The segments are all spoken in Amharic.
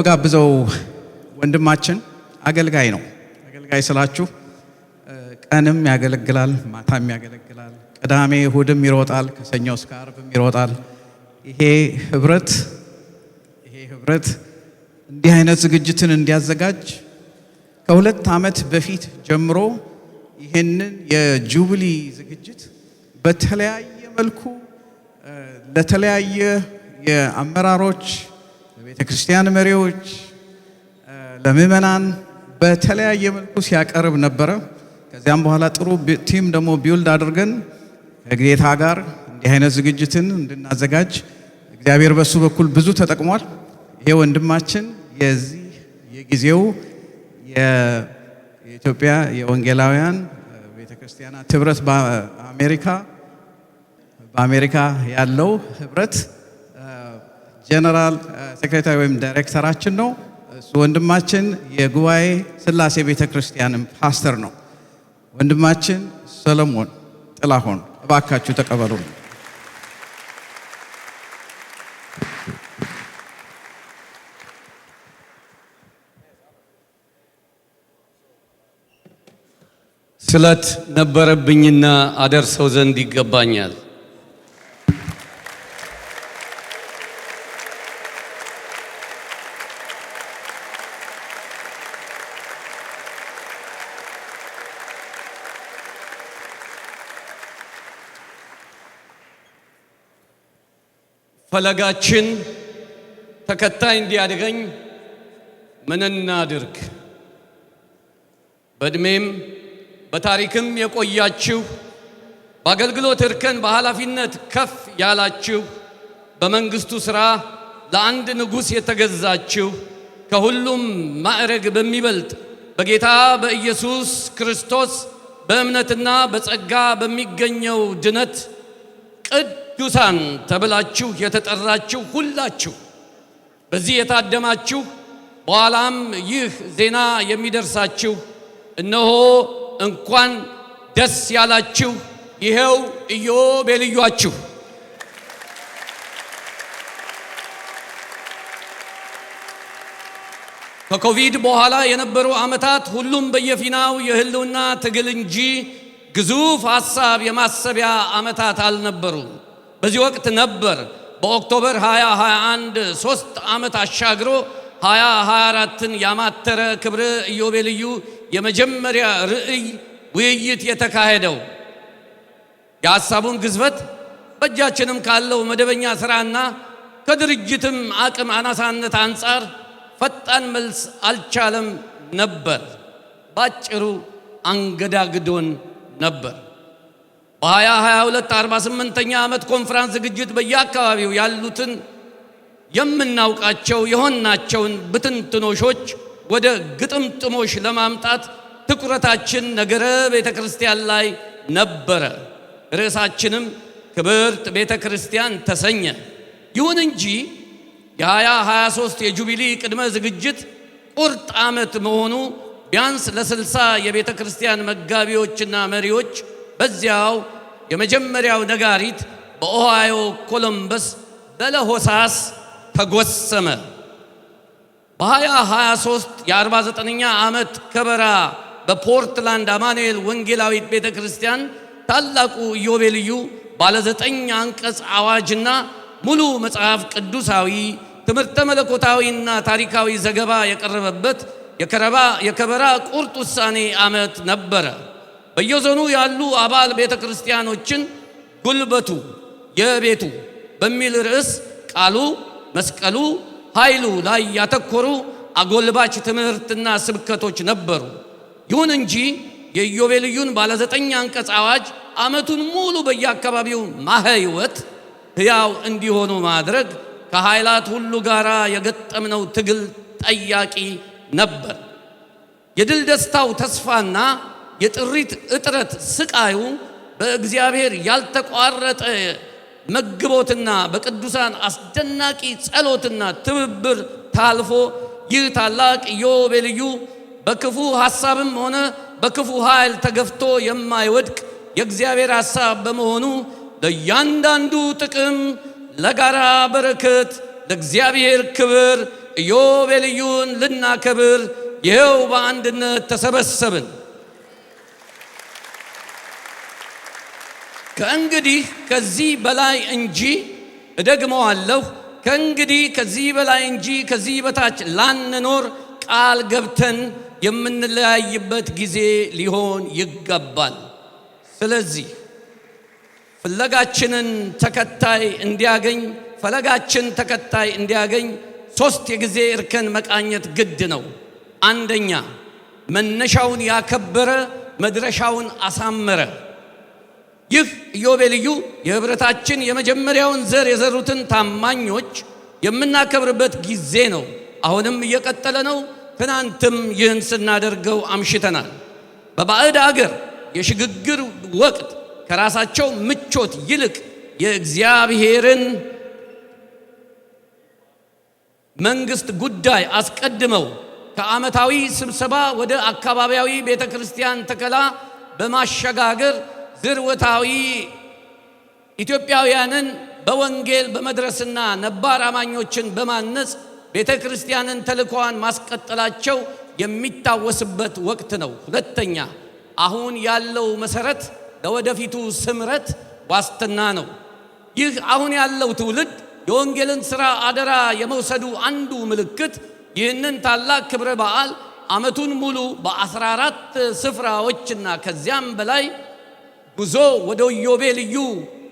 ምጋብዘው ወንድማችን አገልጋይ ነው። አገልጋይ ስላችሁ ቀንም ያገለግላል፣ ማታም ያገለግላል፣ ቅዳሜ እሁድም ይሮጣል፣ ከሰኞ እስከ አርብም ይሮጣል። ይሄ ህብረት ይሄ ህብረት እንዲህ አይነት ዝግጅትን እንዲያዘጋጅ ከሁለት ዓመት በፊት ጀምሮ ይህንን የጁብሊ ዝግጅት በተለያየ መልኩ ለተለያየ የአመራሮች ለቤተ ክርስቲያን መሪዎች፣ ለምእመናን በተለያየ መልኩ ሲያቀርብ ነበረ። ከዚያም በኋላ ጥሩ ቲም ደግሞ ቢውልድ አድርገን ከግዴታ ጋር እንዲህ አይነት ዝግጅትን እንድናዘጋጅ እግዚአብሔር በሱ በኩል ብዙ ተጠቅሟል። ይሄ ወንድማችን የዚህ የጊዜው የኢትዮጵያ የወንጌላውያን ቤተ ክርስቲያናት ህብረት በአሜሪካ በአሜሪካ ያለው ህብረት ጀነራል ሴክሬታሪ ወይም ዳይሬክተራችን ነው። እሱ ወንድማችን የጉባኤ ስላሴ ቤተ ክርስቲያንም ፓስተር ነው። ወንድማችን ሰለሞን ጥላሁን እባካችሁ ተቀበሉ። ስለት ነበረብኝና አደርሰው ዘንድ ይገባኛል። ፈለጋችን ተከታይ እንዲያድገኝ ምን እናድርግ? በዕድሜም በታሪክም የቆያችሁ በአገልግሎት እርከን በኃላፊነት ከፍ ያላችሁ በመንግስቱ ሥራ ለአንድ ንጉሥ የተገዛችሁ ከሁሉም ማዕረግ በሚበልጥ በጌታ በኢየሱስ ክርስቶስ በእምነትና በጸጋ በሚገኘው ድነት ቅድ ቅዱሳን ተብላችሁ የተጠራችሁ ሁላችሁ በዚህ የታደማችሁ በኋላም ይህ ዜና የሚደርሳችሁ እነሆ እንኳን ደስ ያላችሁ። ይኸው ኢዮብ የልዩአችሁ ከኮቪድ በኋላ የነበሩ ዓመታት ሁሉም በየፊናው የህልውና ትግል እንጂ ግዙፍ ሐሳብ የማሰቢያ ዓመታት አልነበሩም። በዚህ ወቅት ነበር በኦክቶበር 2021 ሶስት ዓመት አሻግሮ 2024ን ያማተረ ክብረ ኢዮቤልዩ የመጀመሪያ ርዕይ ውይይት የተካሄደው የሀሳቡን ግዝበት በእጃችንም ካለው መደበኛ ሥራና ከድርጅትም አቅም አናሳነት አንጻር ፈጣን መልስ አልቻለም ነበር። ባጭሩ አንገዳግዶን ነበር። ሀያ ሁለት አርባ ኛ ዓመት ኮንፍራንስ ዝግጅት በየአካባቢው ያሉትን የምናውቃቸው የሆናቸውን ብትንትኖሾች ወደ ግጥምጥሞሽ ለማምጣት ትኩረታችን ነገረ ቤተ ክርስቲያን ላይ ነበረ። ርዕሳችንም ክብርት ቤተ ክርስቲያን ተሰኘ። ይሁን እንጂ የ2023 የጁቢሊ ቅድመ ዝግጅት ቁርጥ ዓመት መሆኑ ቢያንስ ለስልሳ የቤተ ክርስቲያን መጋቢዎችና መሪዎች በዚያው የመጀመሪያው ነጋሪት በኦሃዮ ኮሎምበስ በለሆሳስ ተጎሰመ። በ2023 የ49ኛ ዓመት ከበራ በፖርትላንድ አማኑኤል ወንጌላዊት ቤተ ክርስቲያን ታላቁ ኢዮቤልዩ ባለ ዘጠኝ አንቀጽ አዋጅና ሙሉ መጽሐፍ ቅዱሳዊ ትምህርተ መለኮታዊና ታሪካዊ ዘገባ የቀረበበት የከበራ ቁርጥ ውሳኔ ዓመት ነበረ። በየዞኑ ያሉ አባል ቤተ ክርስቲያኖችን ጉልበቱ የቤቱ በሚል ርዕስ ቃሉ፣ መስቀሉ፣ ኃይሉ ላይ ያተኮሩ አጎልባች ትምህርትና ስብከቶች ነበሩ። ይሁን እንጂ የኢዮቤልዩን ባለ ዘጠኝ አንቀጽ አዋጅ ዓመቱን ሙሉ በየአካባቢው ማህይወት ሕያው እንዲሆኑ ማድረግ ከኃይላት ሁሉ ጋር የገጠምነው ትግል ጠያቂ ነበር። የድል ደስታው ተስፋና የጥሪት እጥረት ስቃዩ በእግዚአብሔር ያልተቋረጠ መግቦትና በቅዱሳን አስደናቂ ጸሎትና ትብብር ታልፎ ይህ ታላቅ ዮቤልዩ በክፉ ሐሳብም ሆነ በክፉ ኃይል ተገፍቶ የማይወድቅ የእግዚአብሔር ሐሳብ በመሆኑ ለእያንዳንዱ ጥቅም፣ ለጋራ በረከት፣ ለእግዚአብሔር ክብር ኢዮቤልዩን ልናከብር ይኸው በአንድነት ተሰበሰብን። ከእንግዲህ ከዚህ በላይ እንጂ እደግመዋለሁ፣ ከእንግዲህ ከዚህ በላይ እንጂ ከዚህ በታች ላንኖር ቃል ገብተን የምንለያይበት ጊዜ ሊሆን ይገባል። ስለዚህ ፍለጋችንን ተከታይ እንዲያገኝ ፈለጋችን ተከታይ እንዲያገኝ ሶስት የጊዜ እርከን መቃኘት ግድ ነው። አንደኛ መነሻውን ያከበረ መድረሻውን አሳመረ። ይህ ኢዮቤልዩ የህብረታችን የመጀመሪያውን ዘር የዘሩትን ታማኞች የምናከብርበት ጊዜ ነው። አሁንም እየቀጠለ ነው። ትናንትም ይህን ስናደርገው አምሽተናል። በባዕድ አገር የሽግግር ወቅት ከራሳቸው ምቾት ይልቅ የእግዚአብሔርን መንግሥት ጉዳይ አስቀድመው ከዓመታዊ ስብሰባ ወደ አካባቢያዊ ቤተ ክርስቲያን ተከላ በማሸጋገር ድርወታዊ ኢትዮጵያውያንን በወንጌል በመድረስና ነባር አማኞችን በማነጽ ቤተ ክርስቲያንን ተልእኮዋን ማስቀጠላቸው የሚታወስበት ወቅት ነው። ሁለተኛ አሁን ያለው መሰረት ለወደፊቱ ስምረት ዋስትና ነው። ይህ አሁን ያለው ትውልድ የወንጌልን ሥራ አደራ የመውሰዱ አንዱ ምልክት ይህንን ታላቅ ክብረ በዓል ዓመቱን ሙሉ በአስራ አራት ስፍራዎችና ከዚያም በላይ ጉዞ ወደ ኢዮቤልዩ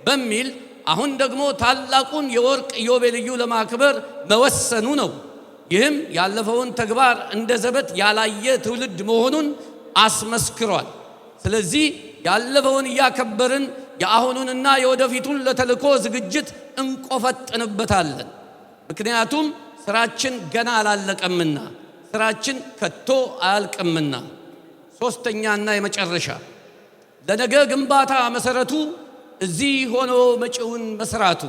በሚል አሁን ደግሞ ታላቁን የወርቅ ኢዮቤልዩ ለማክበር መወሰኑ ነው። ይህም ያለፈውን ተግባር እንደ ዘበት ያላየ ትውልድ መሆኑን አስመስክሯል። ስለዚህ ያለፈውን እያከበርን የአሁኑንና የወደፊቱን ለተልእኮ ዝግጅት እንቆፈጥንበታለን። ምክንያቱም ስራችን ገና አላለቀምና፣ ስራችን ከቶ አያልቅምና። ሶስተኛና የመጨረሻ ለነገ ግንባታ መሰረቱ እዚህ ሆኖ መጪውን መስራቱ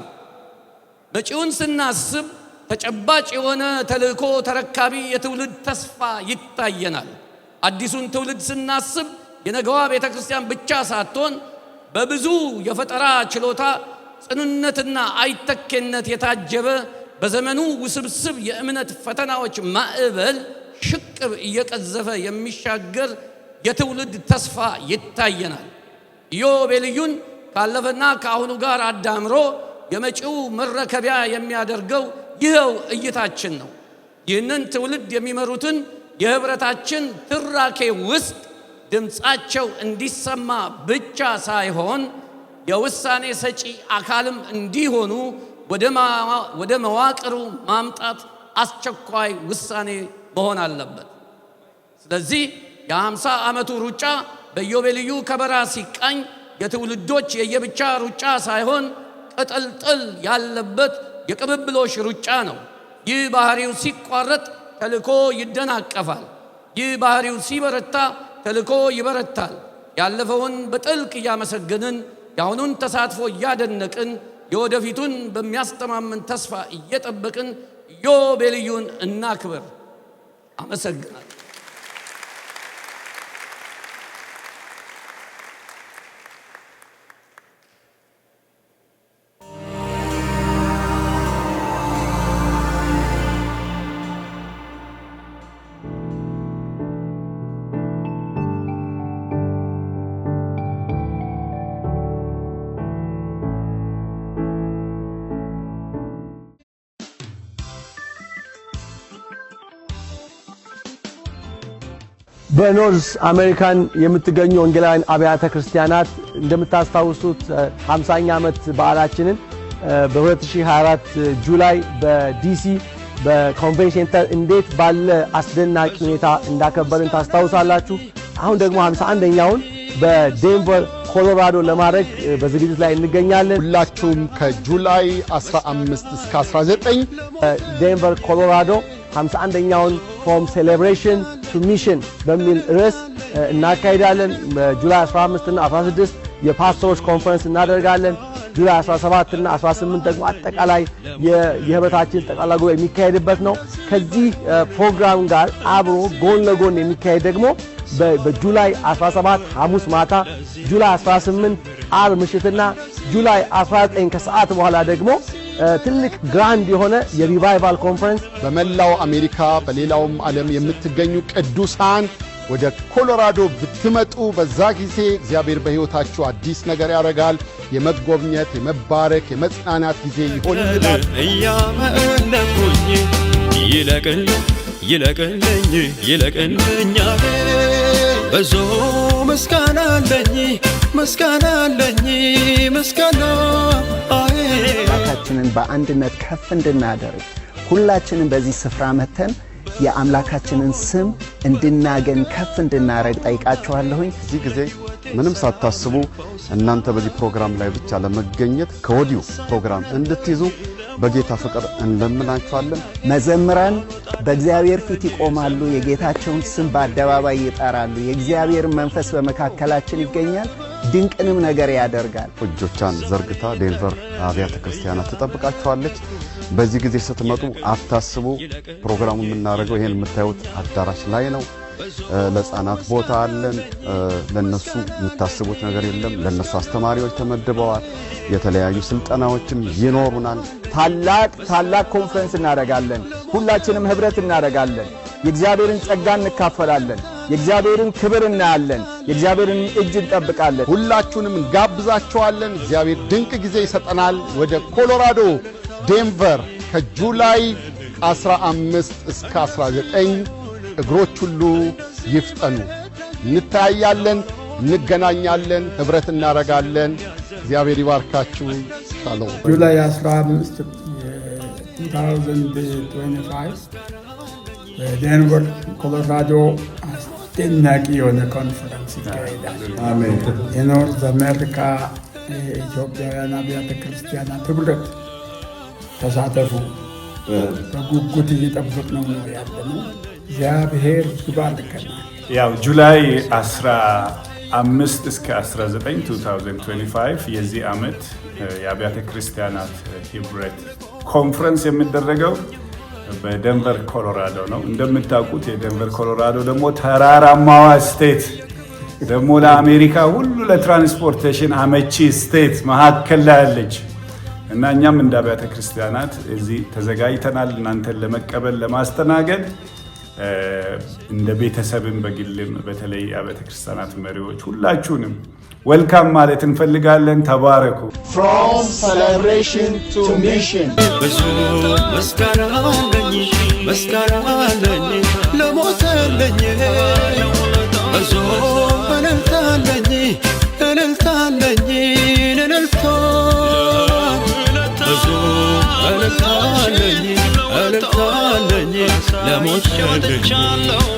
መጪውን ስናስብ ተጨባጭ የሆነ ተልእኮ ተረካቢ የትውልድ ተስፋ ይታየናል። አዲሱን ትውልድ ስናስብ የነገዋ ቤተ ክርስቲያን ብቻ ሳትሆን በብዙ የፈጠራ ችሎታ ጽኑነትና አይተኬነት የታጀበ በዘመኑ ውስብስብ የእምነት ፈተናዎች ማዕበል ሽቅብ እየቀዘፈ የሚሻገር የትውልድ ተስፋ ይታየናል። ኢዮብ ኤልዩን ካለፈና ከአሁኑ ጋር አዳምሮ የመጪው መረከቢያ የሚያደርገው ይኸው እይታችን ነው። ይህንን ትውልድ የሚመሩትን የህብረታችን ትራኬ ውስጥ ድምፃቸው እንዲሰማ ብቻ ሳይሆን የውሳኔ ሰጪ አካልም እንዲሆኑ ወደ መዋቅሩ ማምጣት አስቸኳይ ውሳኔ መሆን አለበት። ስለዚህ የአምሳ ዓመቱ ሩጫ በኢዮቤልዩ ከበራ ሲቃኝ የትውልዶች የየብቻ ሩጫ ሳይሆን ቅጥልጥል ያለበት የቅብብሎሽ ሩጫ ነው። ይህ ባህሪው ሲቋረጥ ተልኮ ይደናቀፋል። ይህ ባህሪው ሲበረታ ተልኮ ይበረታል። ያለፈውን በጥልቅ እያመሰገንን የአሁኑን ተሳትፎ እያደነቅን የወደፊቱን በሚያስተማምን ተስፋ እየጠበቅን ኢዮቤልዩን እናክብር። አመሰግናል በኖርዝ አሜሪካን የምትገኙ ወንጌላውያን አብያተ ክርስቲያናት እንደምታስታውሱት 50ኛ ዓመት በዓላችንን በ2024 ጁላይ በዲሲ በኮንቬንሽን ሴንተር እንዴት ባለ አስደናቂ ሁኔታ እንዳከበርን ታስታውሳላችሁ። አሁን ደግሞ 51ኛውን በዴንቨር ኮሎራዶ ለማድረግ በዝግጅት ላይ እንገኛለን። ሁላችሁም ከጁላይ 15 እስከ 19 ዴንቨር ኮሎራዶ 51ኛውን ሆም ሴሌብሬሽን ሱሚሽን በሚል ርዕስ እናካሄዳለን። ጁላይ 15 እና 16 የፓስተሮች ኮንፈረንስ እናደርጋለን። ጁላይ 17 እና 18 ደግሞ አጠቃላይ የህብረታችን ጠቅላላ ጉባኤ የሚካሄድበት ነው። ከዚህ ፕሮግራም ጋር አብሮ ጎን ለጎን የሚካሄድ ደግሞ በጁላይ 17 ሐሙስ ማታ፣ ጁላይ 18 አርብ ምሽትና ጁላይ 19 ከሰዓት በኋላ ደግሞ ትልቅ ግራንድ የሆነ የሪቫይቫል ኮንፈረንስ በመላው አሜሪካ በሌላውም ዓለም የምትገኙ ቅዱሳን ወደ ኮሎራዶ ብትመጡ በዛ ጊዜ እግዚአብሔር በሕይወታችሁ አዲስ ነገር ያደርጋል። የመጎብኘት፣ የመባረክ፣ የመጽናናት ጊዜ ይሆንልናል። እያመለኩኝ ይለቅልኝ ይለቅልኝ ይለቅልኝ ብዙ ምስጋና አለኝ ምስጋና አለኝ ምስጋና አምላካችንን በአንድነት ከፍ እንድናደርግ ሁላችንም በዚህ ስፍራ መተን የአምላካችንን ስም እንድናገኝ ከፍ እንድናረግ ጠይቃችኋለሁኝ። እዚህ ጊዜ ምንም ሳታስቡ እናንተ በዚህ ፕሮግራም ላይ ብቻ ለመገኘት ከወዲሁ ፕሮግራም እንድትይዙ በጌታ ፍቅር እንለምናችኋለን። መዘምራን በእግዚአብሔር ፊት ይቆማሉ፣ የጌታቸውን ስም በአደባባይ ይጠራሉ። የእግዚአብሔር መንፈስ በመካከላችን ይገኛል፣ ድንቅንም ነገር ያደርጋል። እጆቿን ዘርግታ ዴንቨር አብያተ ክርስቲያናት ትጠብቃችኋለች። በዚህ ጊዜ ስትመጡ አታስቡ። ፕሮግራሙ የምናደርገው ይህን የምታዩት አዳራሽ ላይ ነው። ለህፃናት ቦታ አለን። ለነሱ የምታስቡት ነገር የለም። ለነሱ አስተማሪዎች ተመድበዋል። የተለያዩ ስልጠናዎችም ይኖሩናል። ታላቅ ታላቅ ኮንፈረንስ እናደርጋለን። ሁላችንም ህብረት እናደርጋለን። የእግዚአብሔርን ጸጋ እንካፈላለን። የእግዚአብሔርን ክብር እናያለን። የእግዚአብሔርን እጅ እንጠብቃለን። ሁላችሁንም እንጋብዛችኋለን። እግዚአብሔር ድንቅ ጊዜ ይሰጠናል። ወደ ኮሎራዶ ዴንቨር ከጁላይ 15 እስከ 19 እግሮች ሁሉ ይፍጠኑ። እንታያለን፣ እንገናኛለን፣ ኅብረት እናደርጋለን። እግዚአብሔር ይባርካችሁ። ሻሎም። ጁላይ 15 2025 ኮሎራዶ አስደናቂ የሆነ ኮንፈረንስ ይካሄዳል። የኖርዝ አሜሪካ የኢትዮጵያውያን አብያተ ክርስቲያናት ኅብረት ተሳተፉ። በጉጉት እየጠበቅ ነው ያለነው። እግዚአብሔር ይባርከናል። ያው ጁላይ 15 እስከ 19 2025 የዚህ ዓመት የአብያተ ክርስቲያናት ህብረት ኮንፈረንስ የሚደረገው በደንቨር ኮሎራዶ ነው። እንደምታውቁት የደንቨር ኮሎራዶ ደግሞ ተራራማዋ ስቴት ደግሞ ለአሜሪካ ሁሉ ለትራንስፖርቴሽን አመቺ ስቴት መካከል ላይ ያለች እና እኛም እንደ አብያተ ክርስቲያናት እዚህ ተዘጋጅተናል እናንተን ለመቀበል ለማስተናገድ እንደ ቤተሰብም በግልም በተለይ አብያተ ክርስቲያናት መሪዎች ሁላችሁንም ወልካም ማለት እንፈልጋለን። ተባረኩ። ብዙ መስጋና አለኝ መስጋና አለኝ ለሞተልኝ ብዙ በለታለኝ ለሞት ወጥቻለሁ